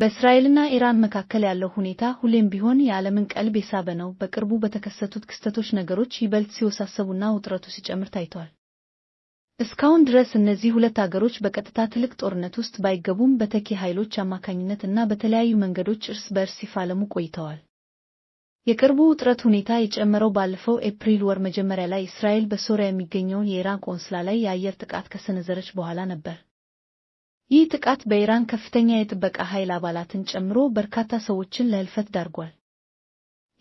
በእስራኤልና ኢራን መካከል ያለው ሁኔታ ሁሌም ቢሆን የዓለምን ቀልብ የሳበ ነው። በቅርቡ በተከሰቱት ክስተቶች ነገሮች ይበልጥ ሲወሳሰቡና ውጥረቱ ሲጨምር ታይቷል። እስካሁን ድረስ እነዚህ ሁለት አገሮች በቀጥታ ትልቅ ጦርነት ውስጥ ባይገቡም በተኪ ኃይሎች አማካኝነት እና በተለያዩ መንገዶች እርስ በእርስ ሲፋለሙ ቆይተዋል። የቅርቡ ውጥረት ሁኔታ የጨመረው ባለፈው ኤፕሪል ወር መጀመሪያ ላይ እስራኤል በሶሪያ የሚገኘውን የኢራን ቆንስላ ላይ የአየር ጥቃት ከሰነዘረች በኋላ ነበር። ይህ ጥቃት በኢራን ከፍተኛ የጥበቃ ኃይል አባላትን ጨምሮ በርካታ ሰዎችን ለህልፈት ዳርጓል።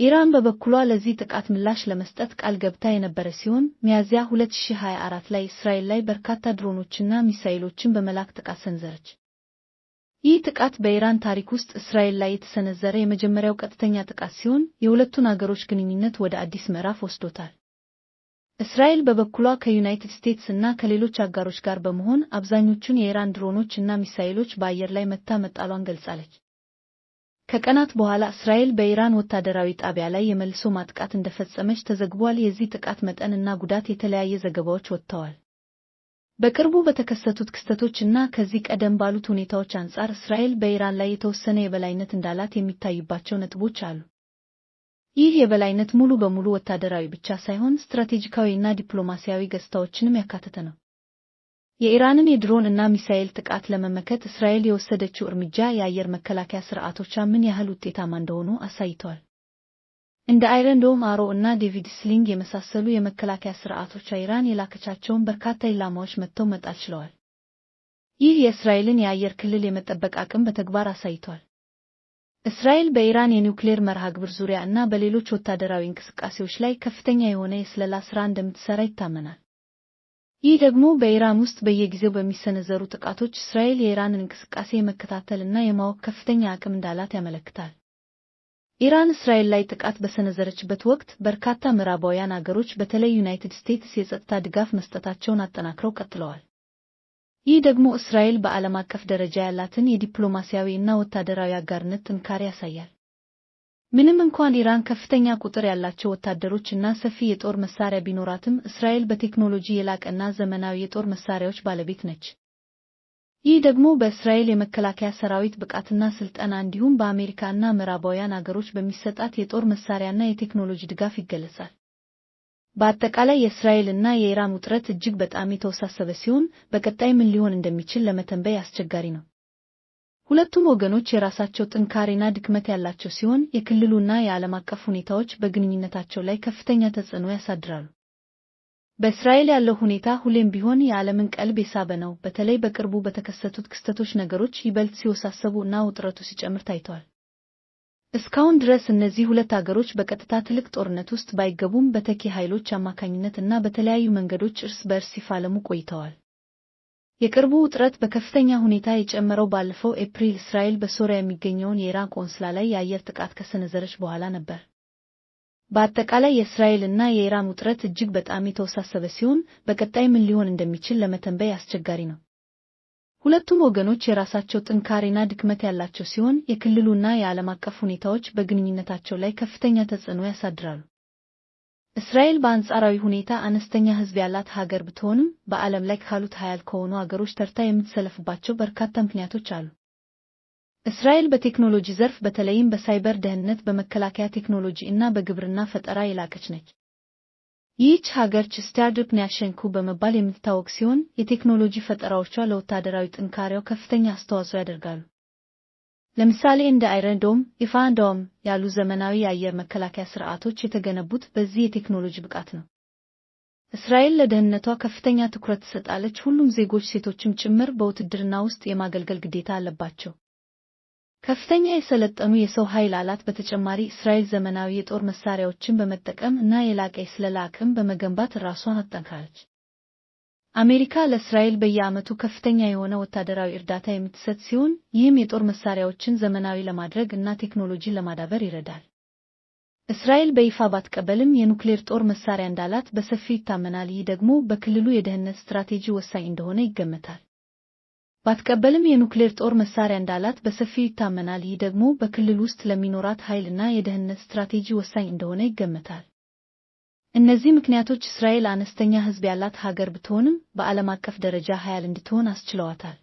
ኢራን በበኩሏ ለዚህ ጥቃት ምላሽ ለመስጠት ቃል ገብታ የነበረ ሲሆን ሚያዚያ 2024 ላይ እስራኤል ላይ በርካታ ድሮኖችና ሚሳኤሎችን በመላክ ጥቃት ሰንዘረች። ይህ ጥቃት በኢራን ታሪክ ውስጥ እስራኤል ላይ የተሰነዘረ የመጀመሪያው ቀጥተኛ ጥቃት ሲሆን የሁለቱን አገሮች ግንኙነት ወደ አዲስ ምዕራፍ ወስዶታል። እስራኤል በበኩሏ ከዩናይትድ ስቴትስ እና ከሌሎች አጋሮች ጋር በመሆን አብዛኞቹን የኢራን ድሮኖች እና ሚሳይሎች በአየር ላይ መታ መጣሏን ገልጻለች። ከቀናት በኋላ እስራኤል በኢራን ወታደራዊ ጣቢያ ላይ የመልሶ ማጥቃት እንደፈጸመች ተዘግቧል። የዚህ ጥቃት መጠን እና ጉዳት የተለያየ ዘገባዎች ወጥተዋል። በቅርቡ በተከሰቱት ክስተቶች እና ከዚህ ቀደም ባሉት ሁኔታዎች አንጻር እስራኤል በኢራን ላይ የተወሰነ የበላይነት እንዳላት የሚታይባቸው ነጥቦች አሉ። ይህ የበላይነት ሙሉ በሙሉ ወታደራዊ ብቻ ሳይሆን ስትራቴጂካዊና ዲፕሎማሲያዊ ገጽታዎችንም ያካተተ ነው። የኢራንን የድሮን እና ሚሳኤል ጥቃት ለመመከት እስራኤል የወሰደችው እርምጃ የአየር መከላከያ ስርዓቶቿ ምን ያህል ውጤታማ እንደሆኑ አሳይተዋል። እንደ አይረን ዶም አሮ እና ዴቪድ ስሊንግ የመሳሰሉ የመከላከያ ስርዓቶቿ ኢራን የላከቻቸውን በርካታ ኢላማዎች መጥተው መጣል ችለዋል። ይህ የእስራኤልን የአየር ክልል የመጠበቅ አቅም በተግባር አሳይቷል። እስራኤል በኢራን የኒውክሌር መርሃ ግብር ዙሪያ እና በሌሎች ወታደራዊ እንቅስቃሴዎች ላይ ከፍተኛ የሆነ የስለላ ሥራ እንደምትሰራ ይታመናል። ይህ ደግሞ በኢራን ውስጥ በየጊዜው በሚሰነዘሩ ጥቃቶች እስራኤል የኢራንን እንቅስቃሴ የመከታተል እና የማወቅ ከፍተኛ አቅም እንዳላት ያመለክታል። ኢራን እስራኤል ላይ ጥቃት በሰነዘረችበት ወቅት በርካታ ምዕራባውያን አገሮች በተለይ ዩናይትድ ስቴትስ የጸጥታ ድጋፍ መስጠታቸውን አጠናክረው ቀጥለዋል። ይህ ደግሞ እስራኤል በዓለም አቀፍ ደረጃ ያላትን የዲፕሎማሲያዊ እና ወታደራዊ አጋርነት ጥንካሬ ያሳያል። ምንም እንኳን ኢራን ከፍተኛ ቁጥር ያላቸው ወታደሮች እና ሰፊ የጦር መሳሪያ ቢኖራትም፣ እስራኤል በቴክኖሎጂ የላቀና ዘመናዊ የጦር መሳሪያዎች ባለቤት ነች። ይህ ደግሞ በእስራኤል የመከላከያ ሰራዊት ብቃትና ስልጠና እንዲሁም በአሜሪካና ምዕራባውያን አገሮች በሚሰጣት የጦር መሳሪያና የቴክኖሎጂ ድጋፍ ይገለጻል። በአጠቃላይ የእስራኤልና የኢራን ውጥረት እጅግ በጣም የተወሳሰበ ሲሆን በቀጣይ ምን ሊሆን እንደሚችል ለመተንበይ አስቸጋሪ ነው። ሁለቱም ወገኖች የራሳቸው ጥንካሬና ድክመት ያላቸው ሲሆን የክልሉና የዓለም አቀፍ ሁኔታዎች በግንኙነታቸው ላይ ከፍተኛ ተጽዕኖ ያሳድራሉ። በእስራኤል ያለው ሁኔታ ሁሌም ቢሆን የዓለምን ቀልብ የሳበ ነው። በተለይ በቅርቡ በተከሰቱት ክስተቶች ነገሮች ይበልጥ ሲወሳሰቡ እና ውጥረቱ ሲጨምር ታይተዋል። እስካሁን ድረስ እነዚህ ሁለት አገሮች በቀጥታ ትልቅ ጦርነት ውስጥ ባይገቡም በተኪ ኃይሎች አማካኝነት እና በተለያዩ መንገዶች እርስ በእርስ ሲፋለሙ ቆይተዋል። የቅርቡ ውጥረት በከፍተኛ ሁኔታ የጨመረው ባለፈው ኤፕሪል እስራኤል በሶሪያ የሚገኘውን የኢራን ቆንስላ ላይ የአየር ጥቃት ከሰነዘረች በኋላ ነበር። በአጠቃላይ የእስራኤል እና የኢራን ውጥረት እጅግ በጣም የተወሳሰበ ሲሆን በቀጣይ ምን ሊሆን እንደሚችል ለመተንበይ አስቸጋሪ ነው። ሁለቱም ወገኖች የራሳቸው ጥንካሬና ድክመት ያላቸው ሲሆን የክልሉና የዓለም አቀፍ ሁኔታዎች በግንኙነታቸው ላይ ከፍተኛ ተጽዕኖ ያሳድራሉ። እስራኤል በአንጻራዊ ሁኔታ አነስተኛ ሕዝብ ያላት ሀገር ብትሆንም በዓለም ላይ ካሉት ሀያል ከሆኑ አገሮች ተርታ የምትሰለፍባቸው በርካታ ምክንያቶች አሉ። እስራኤል በቴክኖሎጂ ዘርፍ በተለይም በሳይበር ደህንነት፣ በመከላከያ ቴክኖሎጂ እና በግብርና ፈጠራ የላቀች ነች። ይህች ሀገር ስታርድፕ ኒያሸንኩ በመባል የምትታወቅ ሲሆን የቴክኖሎጂ ፈጠራዎቿ ለወታደራዊ ጥንካሬው ከፍተኛ አስተዋጽኦ ያደርጋሉ። ለምሳሌ እንደ አይረንዶም ዶም፣ ያሉ ዘመናዊ የአየር መከላከያ ስርዓቶች የተገነቡት በዚህ የቴክኖሎጂ ብቃት ነው። እስራኤል ለደህንነቷ ከፍተኛ ትኩረት ትሰጣለች። ሁሉም ዜጎች ሴቶችም ጭምር በውትድርና ውስጥ የማገልገል ግዴታ አለባቸው። ከፍተኛ የሰለጠኑ የሰው ኃይል አላት። በተጨማሪ እስራኤል ዘመናዊ የጦር መሳሪያዎችን በመጠቀም እና የላቀ የስለላ አቅም በመገንባት ራሷን አጠንክራለች። አሜሪካ ለእስራኤል በየዓመቱ ከፍተኛ የሆነ ወታደራዊ እርዳታ የምትሰጥ ሲሆን ይህም የጦር መሳሪያዎችን ዘመናዊ ለማድረግ እና ቴክኖሎጂን ለማዳበር ይረዳል። እስራኤል በይፋ ባትቀበልም የኑክሌር ጦር መሳሪያ እንዳላት በሰፊው ይታመናል። ይህ ደግሞ በክልሉ የደህንነት ስትራቴጂ ወሳኝ እንደሆነ ይገመታል። ባትቀበልም የኑክሌር ጦር መሳሪያ እንዳላት በሰፊው ይታመናል። ይህ ደግሞ በክልል ውስጥ ለሚኖራት ኃይልና የደህንነት ስትራቴጂ ወሳኝ እንደሆነ ይገመታል። እነዚህ ምክንያቶች እስራኤል አነስተኛ ሕዝብ ያላት ሀገር ብትሆንም በዓለም አቀፍ ደረጃ ኃያል እንድትሆን አስችለዋታል።